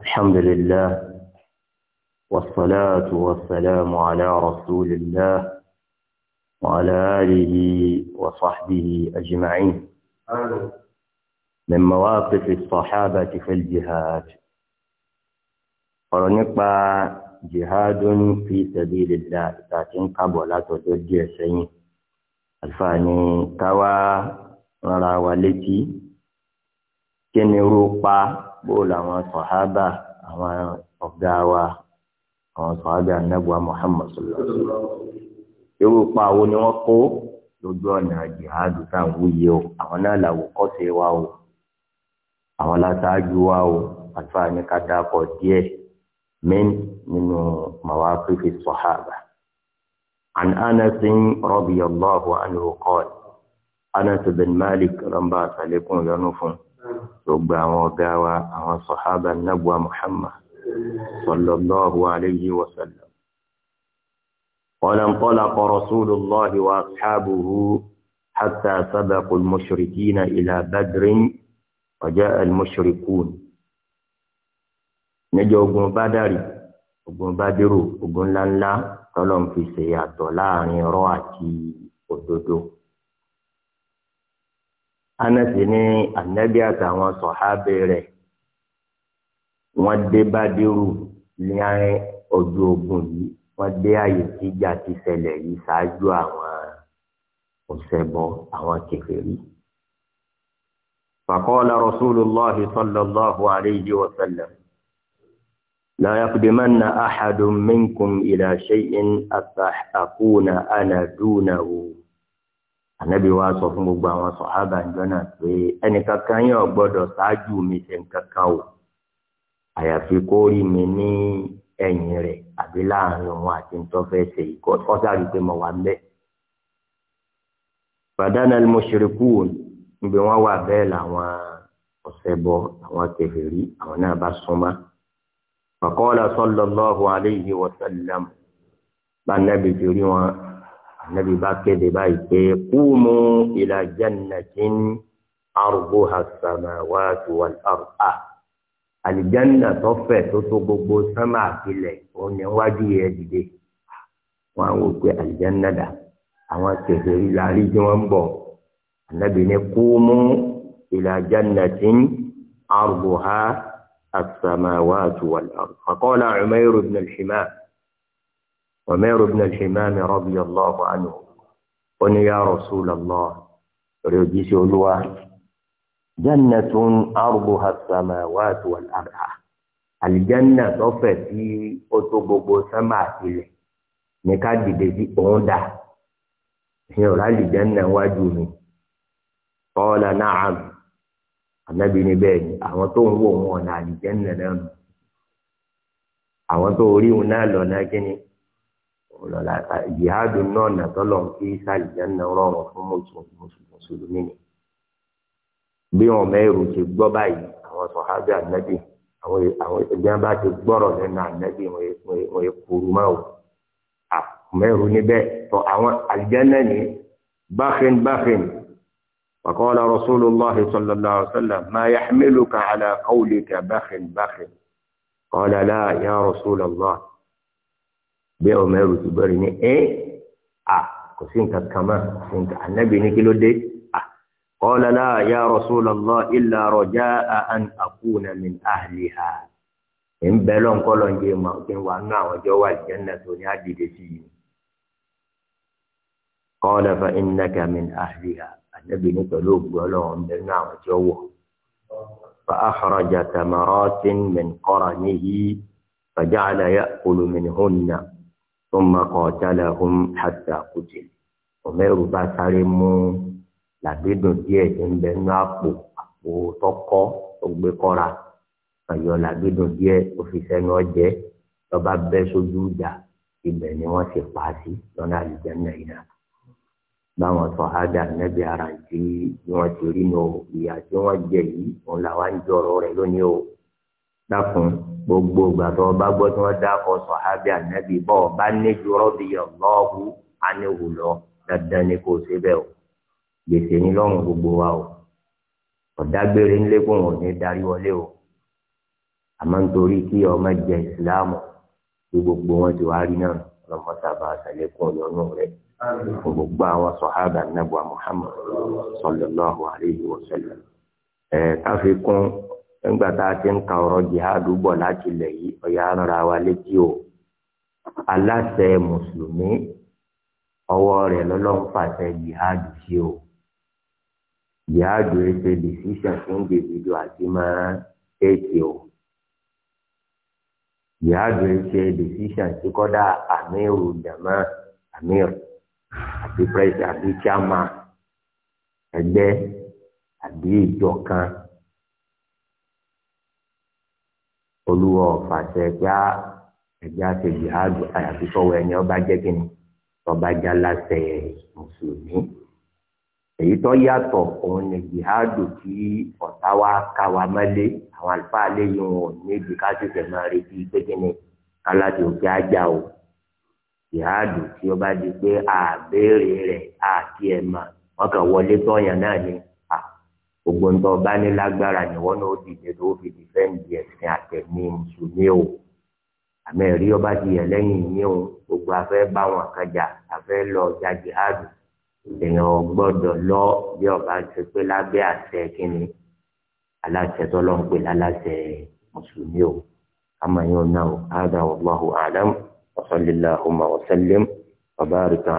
الحمد لله والصلاة والسلام على رسول الله وعلى آله وصحبه أجمعين من مواقف الصحابة في الجهاد ورنقبة جهاد في سبيل الله قبل قبولات وتوجيه سين الفاني كوا rárá wa létí kí ni irú pa bó làwọn sọ̀hábà àwọn ọ̀gá wa àwọn sọ̀hábà anábùwà Muhammad sallallahu alaihi wa sallam irú pa wo ni wọ́n kó lójú ọ̀nà jihadu táwọn wúyẹ o àwọn náà làwọ̀ kọ́sẹ̀ wa o àwọn látàájú wa o àtúwà ní ká dákọ̀ díẹ̀ min nínú màwáfífi sọ̀hábà. عن أنس رضي الله عنه قال Anas bin Malik lọ́nba àtàlẹ́kùn lọ́nu fún gbogbo àwọn ọ̀gá wa àwọn sọ̀hábà nàbùwà Muhammad sallallahu alayhi wa sallam. قال انطلق رسول الله وأصحابه حتى سبقوا المشركين إلى بدر وجاء المشركون níjọ́ ogun bádàrí ogun bádìrú ogun ńláńlá tọ́lọ́n fi ṣe yàtọ̀ láàrin irọ́ àti òdodo anasi ní anabi àtàwọn sọ̀hábì rẹ̀ wọ́n dé bádírù ní ọjọ́ ogun yìí wọ́n dé àyè tíjà ti ṣẹlẹ̀ yìí ṣáájú àwọn òṣèbọ àwọn kèfèrí. فقال رسول الله صلى الله عليه وسلم لا يقدمن أحد منكم إلى شيء أكون أنا دونه ànábì wa sọ fún gbogbo àwọn sọ̀hábà ìjọ náà pé ẹnìkankan yẹn ò gbọ́dọ̀ ṣáájú mi ṣe nǹkankan o àyàfi kó rí mi ní ẹ̀yìn rẹ̀ àbí láàrin òun àti ntọ́fẹ́ ṣe ìkọ́ ọ́sàrí pé mo wà ń bẹ́ẹ̀. fàdánà mọ̀ṣẹ̀rẹ̀kù níbi wọ́n wà bẹ́ẹ̀ làwọn ọ̀ṣẹbọ àwọn kèfèrí àwọn náà bá súnmọ́. fàkọ́lá sallallahu alayhi wa sallam bá nábì fi rí wọn anabi bá kéde báyìí pé kúmù ìlà jannatin arbuha as-samawati wal-ard àlìjánà tó fẹ̀ tó tó gbogbo sánmà àtìlẹ̀ òun ni wájú yẹ dìde wọn wò pé àlìjánà dà àwọn kèfèrí la rí tí wọn ń bọ̀ anabi ní kúmù ìlà jannatin arbuha as-samawati wal-ard faqala Umayr ibn al-Himam. عمير بن الحمام رضي الله عنه قل يا رسول الله رجيس ألوى جنة أرضها السماوات والأرض الجنة تفت في أتوبوبو سماء إليه نكاد بدي أوندا هي الجنة واجوني قال نعم النبي ní bẹ́ẹ̀ ni àwọn الجنة ń wò wọn ọ̀nà ọlọlá jihadu náà nàtọlọ ń fi sàlìjánná rọrùn fún mùsùlùmí ni bí wọn mẹrù ti gbọ́ báyìí àwọn sọhábì ànábì àwọn àwọn ẹgbẹ́ bá ti gbọ́rọ̀ lẹ́nu ànábì wọn yẹ kúrú máa wò à mẹrù níbẹ̀ tọ àwọn àlìjánná ni báfin báfin وقال رسول الله صلى الله عليه وسلم ما يحملك على قولك بخ بخ قال لا يا رسول الله bí ọmọ ẹrù ti bẹ̀rẹ̀ ní ẹ́ à kò sí nǹkan kan mọ́ sí nǹkan ànábì ní kí ló dé à qala la ya rasulallah illa rajaa an akuna min ahliha ń bẹ lọ́nkọ́lọ́ ń jẹ́ ma kí n wà nú àwọn ọjọ́ wà janna tó ní àdìdè sí i qala fa innaka min ní pẹ̀lú ògbó ọlọ́run bẹ nú àwọn ọjọ́ wọ̀ fa akhraja tamaratin min qaranihi fa ja'ala ya'kulu minhunna. ثم قاتلهم حتى قتل Umaru bá sáré mú làbídùn díẹ̀ tí ń bẹ nínú àpò àpò tọkọ tó gbé kọ́ra àyọ làbídùn díẹ̀ ó fi sẹ́nu ọjẹ́ lọ́ba bẹ́ sójú ìjà ibẹ̀ ni wọ́n sì pa á sí ìdá báwọn sọ̀hádà nẹ́bí ara tí wọ́n ti rí nù ìyà tí wọ́n jẹ yìí òun làwọn ń jọ̀rọ̀ rẹ̀ lónìí o dákun gbogbo ìgbà tó bá gbọ́ tí wọ́n dákọ̀ sọ̀hábì ànábì bọ́ ọ bá níjú rọ́bì ọlọ́hu aníhù lọ dandan ni kò ṣe bẹ́ẹ̀ o gbèsè ní lọ́rùn gbogbo wa o ọ̀dágbére ńlẹ́kùn ò ní darí wọlé o àmọ́ nítorí kí ọmọ jẹ ìsìláàmù tí gbogbo wọn ti wá rí náà lọ́mọ sábà àtàlẹ́kùn ọ̀yọ́nù rẹ̀ gbogbo àwọn sọ̀hábà nàbọ̀ wa sallam ẹ̀ nígbà tá a ti ń ka ọ̀rọ̀ jihadu bọ̀ láti ilẹ̀ yìí ọ̀yà ara wa létí o aláṣẹ mùsùlùmí ọwọ́ rẹ̀ lọ́lọ́run pàṣẹ jihadu sí o jihadu ẹsẹ decision fún individual àti máa tẹ̀sí o jihadu ẹsẹ decision tí kọ́dà amíru jama amir àti president àti chairman ẹgbẹ́ àbí ìjọ kan. olúwa ọ̀fàṣẹ ẹja ẹja ṣe jihadu àyàfi sọ̀wọ́ ẹni ọba jẹ́ kí ni ọba já láṣẹ mùsùlùmí èyí tó yàtọ̀ òun ni jihadu tí ọ̀tá wa ká wa mọ́lé àwọn àlùfáà léyìn wọn ò ní ibi ká tètè máa retí pé kí ni aláti òkè ajá o jihadu tí ó bá di pé àbẹ̀rẹ̀ rẹ̀ àti ẹ̀ mà wọ́n kàn wọlé tọ́yàn náà ni gbogbo ń tọ́ bá ní lágbára nìwọ náà ó dìde tó fi dìfẹ́ǹdì ẹ̀sìn àtẹ̀mí mùsùlùmí o àmì ẹ̀rí ọba ti yẹ lẹ́yìn yín o gbogbo afẹ́ bá wọn kájà afẹ́ lọ ja jihad èèyàn gbọ́dọ̀ lọ bí ọba ṣe pé lábẹ́ àṣẹ kínní aláṣẹ tọ́lọ́ ń pè láláṣẹ mùsùlùmí o àmọ́ yín ọ̀nà o ádà wallahu a'lam wa sallallahu wa sallim wa barika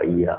ayya